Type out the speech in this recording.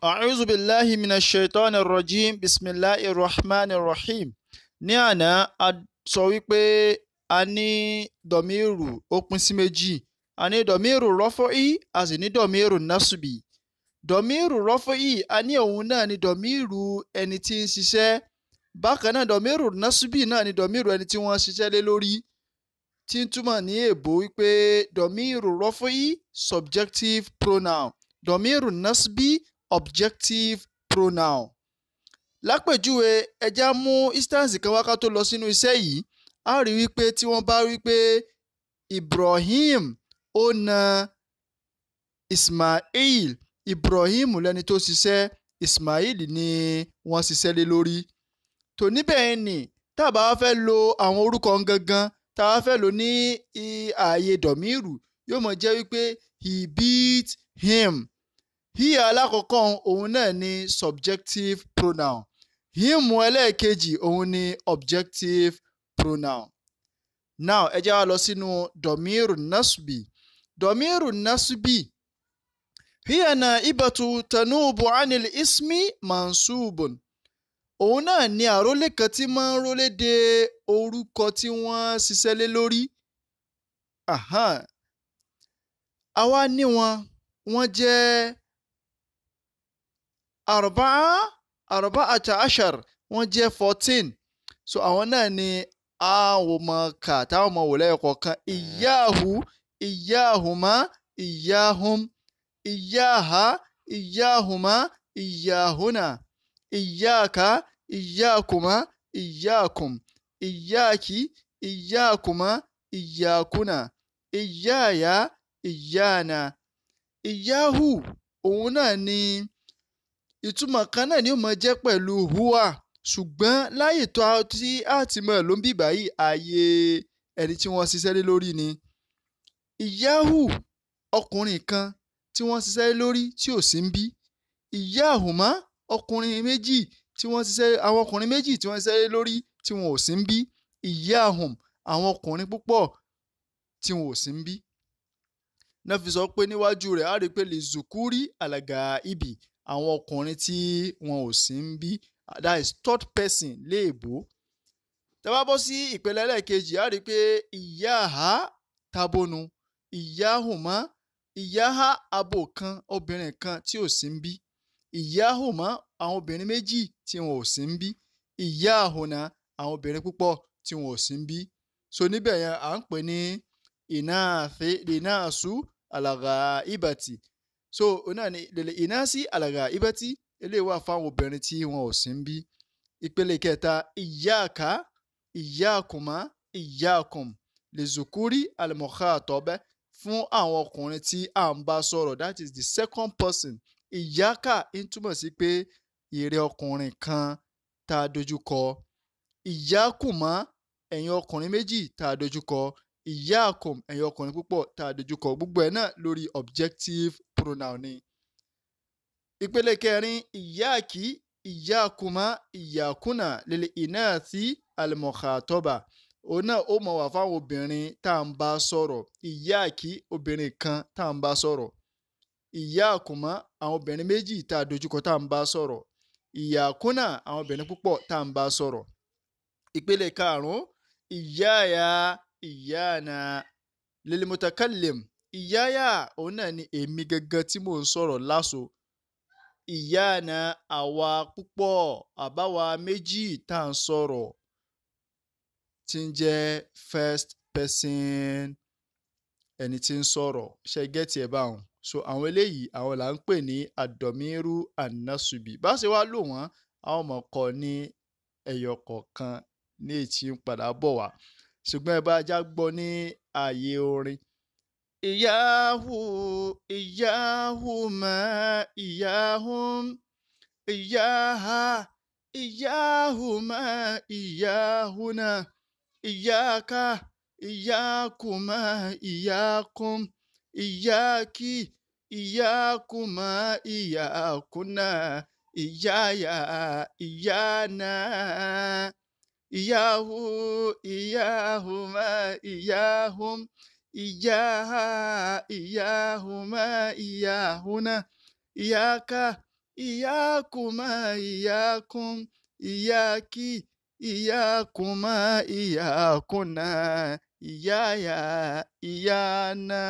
A'udhu billahi minash shaitanir rajim bismillahir rahmanir rahim. Ní àná a sọ wípé a ní dọ̀míìrù ó A ní dọ̀míìrù rọ́fọ́ì a ní a òun náà ni dọ̀míìrù ẹni tí ń Bákan náà násùbì náà ẹni tí lé lórí. Tí ń wípé subjective pronoun. násùbì objective pronoun. lápèjúwe ẹja mú instance kan wá ká tó lọ sínú iṣẹ́ yìí a rí wípé tí wọ́n bá rí pé Ibrahim ó na Ismail Ibrahim lẹni tó ṣiṣẹ́ Ismail ni wọ́n ṣiṣẹ́ lé lórí tò níbẹ̀ ni tá a bá fẹ́ lo àwọn orúkọ gangan tá fẹ́ lò ní ààyè dọ̀míìrù yóò mọ̀ jẹ́ wípé he beat him Hia alákọ̀ọ́kọ́ òun náà ni subjective pronoun hímù ẹlẹ́ẹ̀kejì òun ni objective pronoun now ẹ jẹ́ wá lọ sínú domiru nasbi domiru nasbi hiya na ibatu tanubu anil ismi mansubun òun náà ni àrólé kan tí máa ń rólé de orúkọ tí wọ́n ṣiṣẹ́ lé lórí àwa ní wọn wọ́n jẹ́ arba'a arba'ata ashar wọ́n jẹ́ fourteen so àwọn náà ni àwọn ọmọ kà táwọn ọmọ wò lẹ́yìn kọ̀ọ̀kan ìyáhu ìyáhùmá ìyáhùm ìyáha ìyáhùmá ìyáhùnà ìyáka ìyákùmá ìyákùm ìyáki ìyákùmá ìyákùnà ìyáya ìyána ìyáhu òun náà ni ìtumọ̀ kan náà ni ó mọ̀ jẹ́ pẹ̀lú hùwà ṣùgbọ́n láyè tó tí a ti mọ̀ ló ń bì báyìí ààyè ẹni tí wọ́n ṣiṣẹ́ lé lórí ni. ìyáhù ọkùnrin kan tí wọ́n ṣiṣẹ́ lé lórí tí ò sí ń bí ìyáhùmá ọkùnrin méjì tí wọ́n ṣiṣẹ́ àwọn ọkùnrin méjì tí wọ́n ṣiṣẹ́ lé lórí tí wọn ò sí ń bí ìyáhùm àwọn ọkùnrin púpọ̀ tí wọn ò sí ń bí. náà fi sọ pé níwájú rẹ̀ á rí i pé lè zùkúrí àlàgà ibì àwọn ọkùnrin tí wọn ò sí ń bí that is third person léèbó tá bá bọ́ sí ìpele ẹlẹ́ẹ̀kejì á rí i pé ìyá ha tabonu ìyá huma, ìyá ha abo kan obìnrin kan tí ò sí ń bí ìyá hùmá àwọn obìnrin méjì tí wọn ò sí ń bí ìyá àhùnà àwọn obìnrin púpọ̀ tí wọn ò sí ń bí so níbẹ̀ yẹn à ń pè ní ìnáàfẹ́ ìnáàsú àlàgà ìbàtì so náà ni lèlè ìnáàsí àlàgà ibẹ́tí eléyìí wà fáwọn obìnrin tí wọn ò sí ń bí ìpele kẹta ìyáàká ìyáàkùnmá ìyáàkùn lè zùkúrí àlùmọ̀ká àtọ́bẹ́ fún àwọn ọkùnrin tí à ń bá sọ̀rọ̀ that is the second person ìyáàká ń túmọ̀ sí pé ìrẹ́ ọkùnrin kan tá a dojúkọ ìyáàkùnmá ẹ̀yin ọkùnrin méjì tá a dojúkọ ìyáàkùn ẹ̀yin ọkùnrin púpọ̀ tá a dojúkọ gbogbo ẹ̀ náà lórí objective pronoun ni. ìpele kẹrin ìyáàkì ìyáàkùmá ìyáàkùnà lílẹ̀ iná sí alimọ̀kàtọ́bà òun náà ó mọ̀ wá fáwọn obìnrin tá à ń bá sọ̀rọ̀ ìyáàkì obìnrin kan tá à ń bá sọ̀rọ̀ ìyáàkùmá àwọn obìnrin méjì tá a dojúkọ tá à ń bá sọ̀rọ̀ ìyáàkùnà àwọn obìnrin púpọ̀ tá à ń bá sọ̀rọ̀ ìpele karùn-ún ìyáàyà ìyáàna lil mutakallim ìyáyà òun náà ni èmi gangan tí mò ń sọ̀rọ̀ láṣọ ìyá àna àwa púpọ̀ àbáwa méjì tá à ń sọ̀rọ̀ tí ń jẹ́ first person ẹni tí ń sọ̀rọ̀ ṣe gẹ́tì ẹ̀ báwọn so àwọn eléyìí àwọn là ń pè ní àdọ̀míru ànásùbì bá ṣe wá lò wọ́n àwọn ọmọ kọ ní ẹyọ kọ̀ọ̀kan ní ètí ń padà bọ̀ wá ṣùgbọ́n ẹ bá já gbọ́ ní ààyè orin Yahoo, Yahoo, Yahoo, Yaha, Yahoo, Yahuna, Yaka, Yakuma, Yakum, Yaki, Yakuma, Yakuna, Yaya, Yana, Yahoo, Yahoo, Yahoo iyaha iyahuma iyahuna iyaka iyakuma iyakum iyaki iyakuma iyakuna iyaya iyana